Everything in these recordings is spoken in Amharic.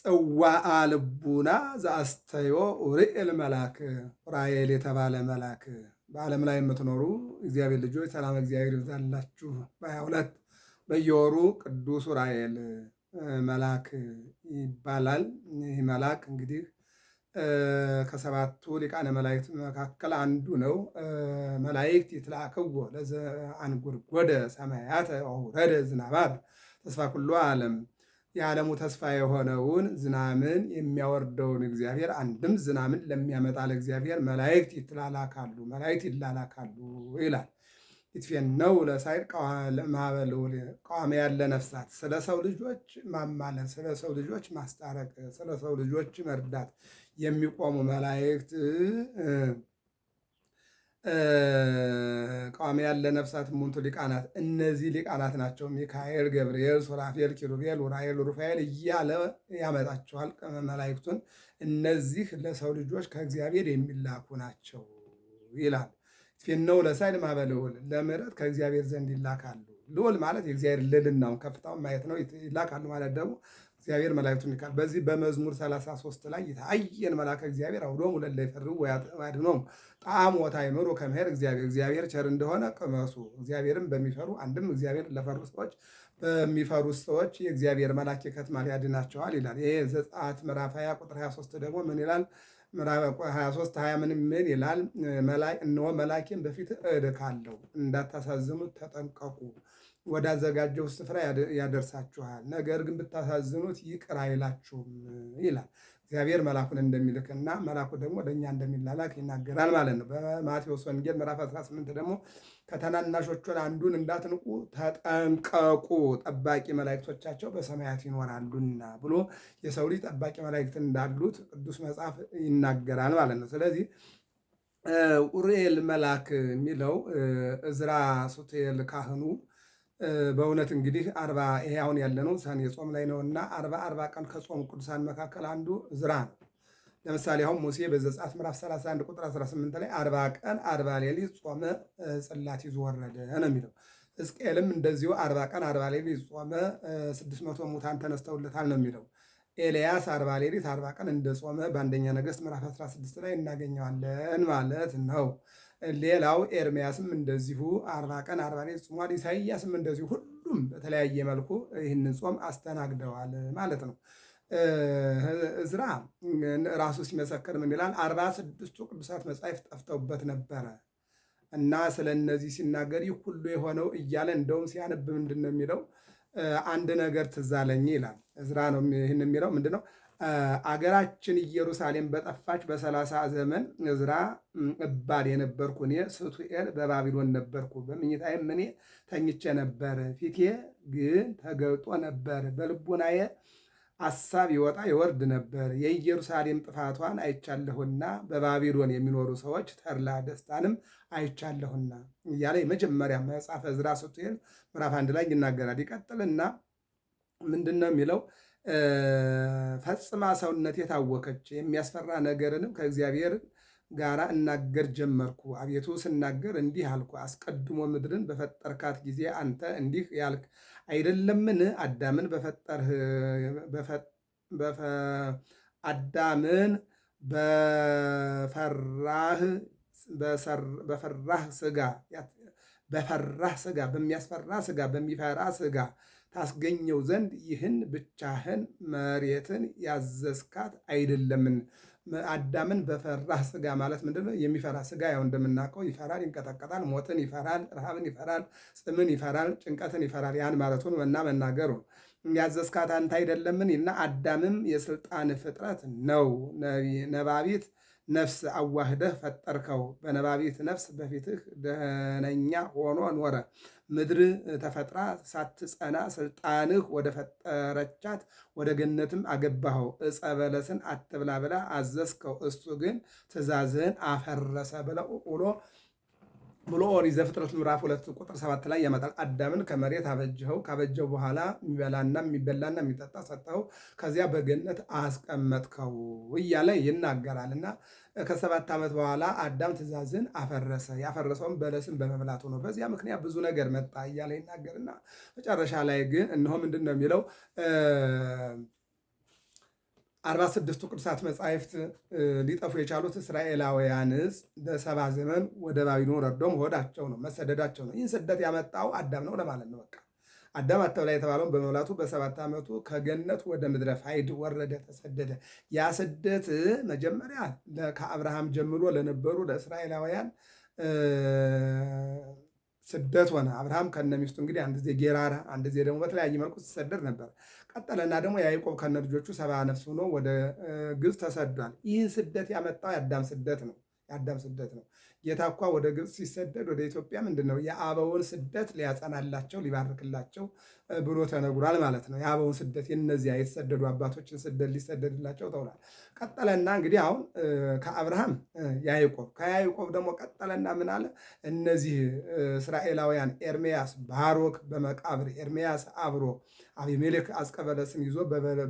ጽዋአ ልቡና ዘአስተዮ ኡሪኤል መልአክ ራኤል የተባለ መልአክ በዓለም ላይ የምትኖሩ እግዚአብሔር ልጆች ሰላም እግዚአብሔር ይብዛላችሁ። በሀያ ሁለት በየወሩ ቅዱስ ራኤል መልአክ ይባላል። ይህ መልአክ እንግዲህ ከሰባቱ ሊቃነ መላእክት መካከል አንዱ ነው። መላእክት ይትላከዎ ለዘ አንጎድጎደ ሰማያተ አውረደ ዝናባር ተስፋ ኩሉ ዓለም የዓለሙ ተስፋ የሆነውን ዝናምን የሚያወርደውን እግዚአብሔር አንድም ዝናምን ለሚያመጣ ለእግዚአብሔር መላእክት ይትላላካሉ መላእክት ይላላካሉ ይላል። ይትፌነው ለሳይር ቋሚ ያለ ነፍሳት ስለ ሰው ልጆች ማማለት ስለ ሰው ልጆች ማስታረቅ፣ ስለ ሰው ልጆች መርዳት የሚቆሙ መላእክት ቋሚ ያለ ነፍሳት ሙንቱ ሊቃናት እነዚህ ሊቃናት ናቸው። ሚካኤል፣ ገብርኤል፣ ሱራፌል፣ ኪሩቤል፣ ኡራኤል፣ ሩፋኤል እያለ ያመጣቸዋል መላእክቱን። እነዚህ ለሰው ልጆች ከእግዚአብሔር የሚላኩ ናቸው ይላል። ፊነው ለሳይል ማበልውል ለምሕረት ከእግዚአብሔር ዘንድ ይላካሉ። ልዑል ማለት የእግዚአብሔር ልዕልናውን ከፍታውን ማየት ነው። ይላካሉ ማለት ደግሞ እግዚአብሔር መላእክቱን ይልካል። በዚህ በመዝሙር 33 ላይ ይታየን መልአከ እግዚአብሔር አውዶሙ ለእለ ይፈርሁ ወያድኖም ጣም ወታ ከመ ኄር እግዚአብሔር። እግዚአብሔር ቸር እንደሆነ ቅመሱ። እግዚአብሔርን በሚፈሩ አንድም እግዚአብሔር ለፈሩ ሰዎች በሚፈሩ ሰዎች የእግዚአብሔር መልአክ ይከትማል ያድናቸዋል ይላል። ይሄ ዘጸአት ምዕራፍ 20 ቁጥር 23 ደግሞ ምን ይላል? ምዕራፍ 23 20 ምን ምን ይላል? እነሆ መላኬን በፊት እልካለሁ እንዳታሳዝኑት ተጠንቀቁ፣ ወዳዘጋጀው ስፍራ ያደርሳችኋል። ነገር ግን ብታሳዝኑት ይቅር አይላችሁም ይላል። እግዚአብሔር መልአኩን እንደሚልክና መላኩ ደግሞ ለእኛ እንደሚላላክ ይናገራል ማለት ነው። በማቴዎስ ወንጌል ምዕራፍ 18 ደግሞ ከተናናሾቹን አንዱን እንዳትንቁ ተጠንቀቁ፣ ጠባቂ መላእክቶቻቸው በሰማያት ይኖራሉና ብሎ የሰው ልጅ ጠባቂ መላእክት እንዳሉት ቅዱስ መጽሐፍ ይናገራል ማለት ነው። ስለዚህ ኡርኤል መልአክ የሚለው እዝራ ሱቱኤል ካህኑ በእውነት እንግዲህ አርባ ይሄ አሁን ያለነው ሰኔ ጾም ላይ ነው እና አርባ አርባ ቀን ከጾም ቅዱሳን መካከል አንዱ ዝራ ነው። ለምሳሌ አሁን ሙሴ በዘጸአት ምዕራፍ 31 ቁጥር 18 ላይ አርባ ቀን አርባ ሌሊት ጾመ ጽላት ይዞ ወረደ ነው የሚለው። ሕዝቅኤልም እንደዚሁ አርባ ቀን አርባ ሌሊት ጾመ መቶ ሙታን ተነስተውለታል ነው የሚለው። ኤልያስ አርባ ሌሊት አርባ ቀን እንደጾመ በአንደኛ ነገሥት ምዕራፍ 16 ላይ እናገኘዋለን ማለት ነው። ሌላው ኤርሚያስም እንደዚሁ አርባ ቀን አርባ ሌት ጾሟል። ኢሳይያስም እንደዚሁ ሁሉም በተለያየ መልኩ ይህንን ጾም አስተናግደዋል ማለት ነው። እዝራ ራሱ ሲመሰክር ምን ይላል? አርባ ስድስቱ ቅዱሳት መጽሐፍ ጠፍተውበት ነበረ እና ስለ እነዚህ ሲናገር ይህ ሁሉ የሆነው እያለ እንደውም ሲያነብ ምንድን ነው የሚለው? አንድ ነገር ትዝ አለኝ ይላል። እዝራ ነው ይህን የሚለው ምንድን ነው? አገራችን ኢየሩሳሌም በጠፋች በሰላሳ ዘመን እዝራ እባል የነበርኩ እኔ ስቱኤል በባቢሎን ነበርኩ። በምኝታዬም እኔ ተኝቼ ነበር፣ ፊቴ ግን ተገልጦ ነበር። በልቡናዬ አሳብ ይወጣ ይወርድ ነበር። የኢየሩሳሌም ጥፋቷን አይቻለሁና በባቢሎን የሚኖሩ ሰዎች ተድላ ደስታንም አይቻለሁና እያለ የመጀመሪያ መጽሐፈ ዕዝራ ስቱኤል ምዕራፍ አንድ ላይ ይናገራል። ይቀጥልና ምንድን ነው የሚለው? ፈጽማ ሰውነት የታወከች የሚያስፈራ ነገርንም ከእግዚአብሔር ጋር እናገር ጀመርኩ። አቤቱ ስናገር እንዲህ አልኩ፣ አስቀድሞ ምድርን በፈጠርካት ጊዜ አንተ እንዲህ ያልክ አይደለምን? አዳምን አዳምን በፈራህ ስጋ በፈራህ ስጋ በሚያስፈራ ስጋ በሚፈራ ስጋ ታስገኘው ዘንድ ይህን ብቻህን መሬትን ያዘዝካት አይደለምን። አዳምን በፈራ ስጋ ማለት ምንድነው የሚፈራ ስጋ ያው እንደምናውቀው ይፈራል፣ ይንቀጠቀጣል፣ ሞትን ይፈራል፣ ረሃብን ይፈራል፣ ጽምን ይፈራል፣ ጭንቀትን ይፈራል። ያን ማለቱን እና መናገሩ ያዘዝካት አንተ አይደለምን እና አዳምም የስልጣን ፍጥረት ነው ነባቢት ነፍስ አዋህደህ ፈጠርከው። በነባቢት ነፍስ በፊትህ ደህነኛ ሆኖ ኖረ። ምድር ተፈጥራ ሳትጸና ስልጣንህ ወደ ፈጠረቻት ወደ ገነትም አገባኸው። ዕፀ በለስን አትብላ ብለህ አዘዝከው፣ እሱ ግን ትእዛዝህን አፈረሰ ብሎ ብሎ ኦሪት ዘፍጥረት ምዕራፍ ሁለት ቁጥር ሰባት ላይ ያመጣል። አዳምን ከመሬት አበጅኸው፣ ካበጀው በኋላ የሚበላና የሚበላና የሚጠጣ ሰጠኸው፣ ከዚያ በገነት አስቀመጥከው እያለ ይናገራል እና ከሰባት ዓመት በኋላ አዳም ትእዛዝን አፈረሰ። ያፈረሰውን በለስን በመብላቱ ነው። በዚያ ምክንያት ብዙ ነገር መጣ እያለ ይናገርና መጨረሻ ላይ ግን እነሆ ምንድን ነው የሚለው አርባ ስድስቱ ቅዱሳት መጻሕፍት ሊጠፉ የቻሉት እስራኤላውያንስ ለሰባ ዘመን ወደ ባቢሎን ረዶም መሆዳቸው ነው መሰደዳቸው ነው። ይህን ስደት ያመጣው አዳም ነው ለማለት ነው። በቃ አዳም አተብላ የተባለውን በመብላቱ በሰባት ዓመቱ ከገነት ወደ ምድረ ፋይድ ወረደ፣ ተሰደደ። ያ ስደት መጀመሪያ ከአብርሃም ጀምሮ ለነበሩ ለእስራኤላውያን ስደት ሆነ። አብርሃም ከነ ሚስቱ እንግዲህ አንድ ጊዜ ጌራራ፣ አንድ ጊዜ ደግሞ በተለያየ መልኩ ሲሰደድ ነበር። ቀጠለና ደግሞ ያዕቆብ ከነ ልጆቹ ሰባ ነፍስ ሆኖ ወደ ግብፅ ተሰዷል። ይህን ስደት ያመጣው የአዳም ስደት ነው። የአዳም ስደት ነው። ጌታ እኳ ወደ ግብፅ ሲሰደድ ወደ ኢትዮጵያ ምንድን ነው የአበውን ስደት ሊያጸናላቸው ሊባርክላቸው ብሎ ተነግሯል ማለት ነው። የአበውን ስደት የነዚያ የተሰደዱ አባቶችን ስደት ሊሰደድላቸው ተውሏል። ቀጠለና እንግዲህ አሁን ከአብርሃም ያዕቆብ፣ ከያዕቆብ ደግሞ ቀጠለና ምን አለ? እነዚህ እስራኤላውያን ኤርሜያስ ባሮክ በመቃብር ኤርሜያስ አብሮ አቢሜሌክ አስቀበለስን ይዞ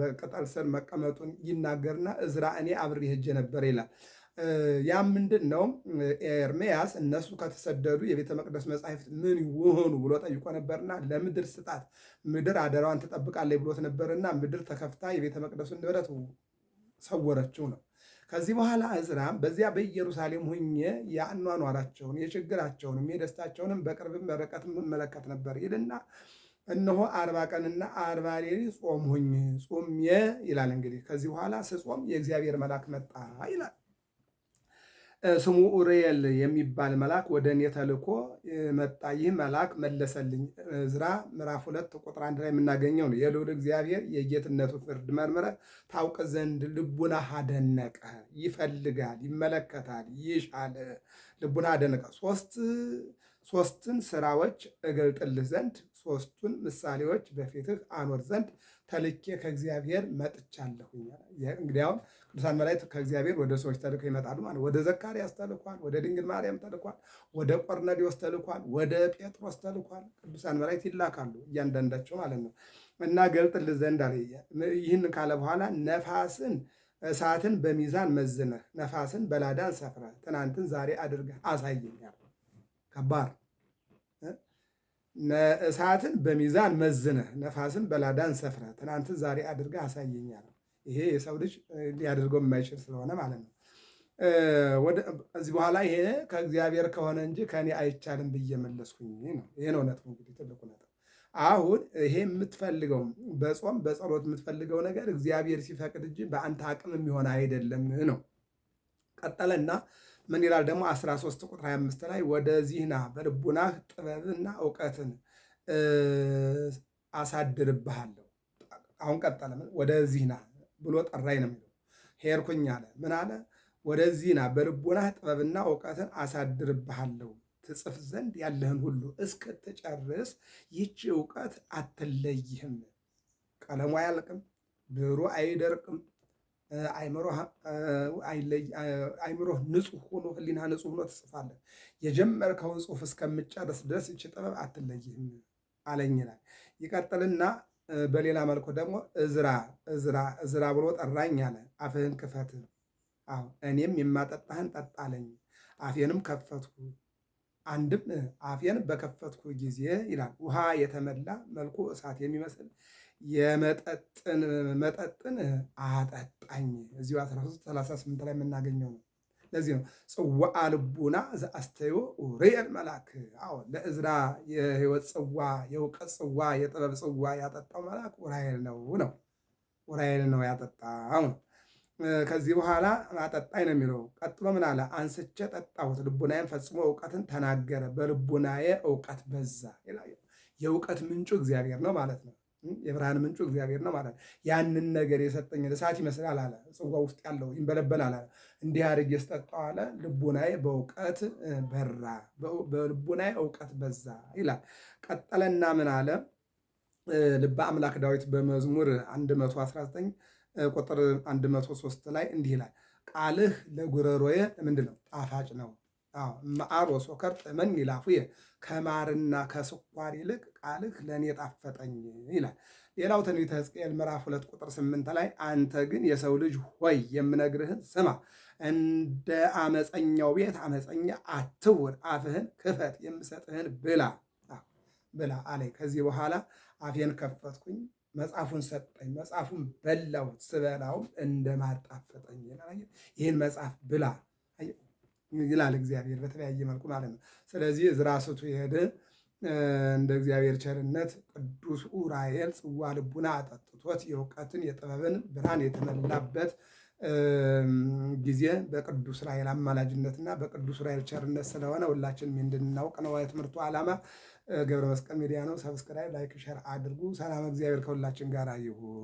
በቅጠል ስር መቀመጡን ይናገርና እዝራ እኔ አብሬ ሄጄ ነበር ይላል። ያ ምንድን ነው? ኤርሜያስ እነሱ ከተሰደዱ የቤተ መቅደስ መጻሕፍት ምን ይሆኑ ብሎ ጠይቆ ነበርና ለምድር ስጣት፣ ምድር አደራዋን ትጠብቃለች ብሎት ነበርና ምድር ተከፍታ የቤተ መቅደሱን ንብረት ሰወረችው ነው። ከዚህ በኋላ እዝራም በዚያ በኢየሩሳሌም ሁኜ የአኗኗራቸውን የችግራቸውንም የደስታቸውንም በቅርብም በርቀትም እመለከት ነበር ይልና እነሆ አርባ ቀንና አርባ ሌሊት ጾምሁኝ ጾምዬ ይላል። እንግዲህ ከዚህ በኋላ ስጾም የእግዚአብሔር መልአክ መጣ ይላል። ስሙ ኡርኤል የሚባል መልአክ ወደ እኔ ተልኮ መጣ። ይህ መልአክ መለሰልኝ። ዕዝራ ምዕራፍ ሁለት ቁጥር አንድ ላይ የምናገኘው ነው። የልዑል እግዚአብሔር የጌትነቱ ፍርድ መርምረ ታውቅ ዘንድ ልቡና አደነቀ። ይፈልጋል፣ ይመለከታል፣ ይሻል። ልቡና አደነቀ ሶስት ሶስቱን ስራዎች እገልጥልህ ዘንድ ሶስቱን ምሳሌዎች በፊትህ አኖር ዘንድ ተልኬ ከእግዚአብሔር መጥቻለሁ። እንግዲያውም ቅዱሳን መላእክት ከእግዚአብሔር ወደ ሰዎች ተልከው ይመጣሉ ማለት። ወደ ዘካርያስ ተልኳል፣ ወደ ድንግል ማርያም ተልኳል፣ ወደ ቆርኔሌዎስ ተልኳል፣ ወደ ጴጥሮስ ተልኳል። ቅዱሳን መላእክት ይላካሉ እያንዳንዳቸው ማለት ነው። እና ገልጥልህ ዘንድ አለ። ይህን ካለ በኋላ ነፋስን እሳትን በሚዛን መዝነህ ነፋስን በላዳን ሰፍረህ ትናንትን ዛሬ አድርገህ አሳየኛል። ከባድ እሳትን በሚዛን መዝነህ ነፋስን በላዳን ሰፍረህ ትናንትን ዛሬ አድርገህ አሳየኛል። ይሄ የሰው ልጅ ሊያደርገው የማይችል ስለሆነ ማለት ነው። እዚህ በኋላ ይሄ ከእግዚአብሔር ከሆነ እንጂ ከእኔ አይቻልም ብዬ መለስኩኝ ነው። ይሄን እንግዲህ ትልቁ ነጥብ አሁን ይሄ የምትፈልገው በጾም በጸሎት የምትፈልገው ነገር እግዚአብሔር ሲፈቅድ እንጂ በአንተ አቅም የሚሆን አይደለም ነው። ቀጠለና ምን ይላል ደግሞ 13 ቁጥር 25 ላይ ወደዚህ ና በልቡናህ ጥበብና እውቀትን አሳድርብሃለሁ። አሁን ቀጠለ። ወደዚህ ና ብሎ ጠራኝ ነው የሚለው። ሄርኩኝ አለ። ምን አለ? ወደዚህ ና በልቡናህ ጥበብና እውቀትን አሳድርብሃለሁ ትጽፍ ዘንድ ያለህን ሁሉ እስክትጨርስ ይቺ እውቀት አትለይህም። ቀለሙ አያልቅም፣ ብሩ አይደርቅም አይምሮህ ንጹህ ሆኖ ህሊና ንጹህ ሆኖ ትጽፋለህ። የጀመርከውን ጽሁፍ እስከምጨርስ ድረስ ይች ጥበብ አትለይህም አለኝ ይላል። ይቀጥልና በሌላ መልኩ ደግሞ እዝራ እዝራ እዝራ ብሎ ጠራኝ አለ። አፍህን ክፈት፣ እኔም የማጠጣህን ጠጣ አለኝ። አፌንም ከፈትኩ አንድም አፌን በከፈትኩ ጊዜ ይላል ውሃ የተመላ መልኩ እሳት የሚመስል የመጠጥን መጠጥን አጠጣኝ እዚሁ 1338 ላይ የምናገኘው ነው። ለዚህ ነው ጽዋ ልቡና ዘአስተዮ ኡሪኤል መልአክ። አዎ ለእዝራ የህይወት ጽዋ፣ የእውቀት ጽዋ፣ የጥበብ ጽዋ ያጠጣው መልአክ ኡራኤል ነው ነው ኡራኤል ነው ያጠጣው። ከዚህ በኋላ አጠጣኝ ነው የሚለው። ቀጥሎ ምን አለ? አንስቼ ጠጣሁት፣ ልቡናዬን ፈጽሞ እውቀትን ተናገረ፣ በልቡናዬ እውቀት በዛ። የእውቀት ምንጩ እግዚአብሔር ነው ማለት ነው። የብርሃን ምንጩ እግዚአብሔር ነው ማለት ያንን ነገር የሰጠኝ እሳት ይመስላል አለ። ጽዋ ውስጥ ያለው ይንበለበላል አለ። እንዲህ አድርጌ ስጠጣው አለ ልቡናዬ በእውቀት በራ፣ በልቡናዬ እውቀት በዛ ይላል። ቀጠለና ምን አለ? ልበ አምላክ ዳዊት በመዝሙር 119 ቁጥር 103 ላይ እንዲህ ይላል፣ ቃልህ ለጉረሮዬ ምንድን ነው? ጣፋጭ ነው መዓሮሶ ከርጠ መን ይላፉ ከማርና ከስኳር ይልቅ ቃልህ ለእኔ ጣፈጠኝ ይላል። ሌላው ትንቢተ ሕዝቅኤል ምዕራፍ ሁለት ቁጥር ስምንት ላይ አንተ ግን የሰው ልጅ ሆይ የምነግርህን ስማ፣ እንደ አመፀኛው ቤት አመፀኛ አትውር፣ አፍህን ክፈት፣ የምሰጥህን ብላ ብላ አለኝ። ከዚህ በኋላ አፌን ከፈትኩኝ፣ መጽሐፉን ሰጠኝ፣ መጽሐፉን በላሁት፣ ስበላውም እንደማጣፈጠኝ ይህን መጽሐፍ ብላ ይላል እግዚአብሔር በተለያየ መልኩ ማለት ነው። ስለዚህ ዕዝራ ስቱ እንደ እግዚአብሔር ቸርነት ቅዱስ ዑራኤል ጽዋ ልቡና አጠጥቶት የእውቀትን የጥበብን ብርሃን የተመላበት ጊዜ በቅዱስ ዑራኤል አማላጅነትና በቅዱስ ዑራኤል ቸርነት ስለሆነ ሁላችንም እንድናውቅ ነው የትምህርቱ ዓላማ። ገብረ መስቀል ሚዲያ ነው። ሰብስክራይብ፣ ላይክ፣ ሸር አድርጉ። ሰላም እግዚአብሔር ከሁላችን ጋር ይሁን።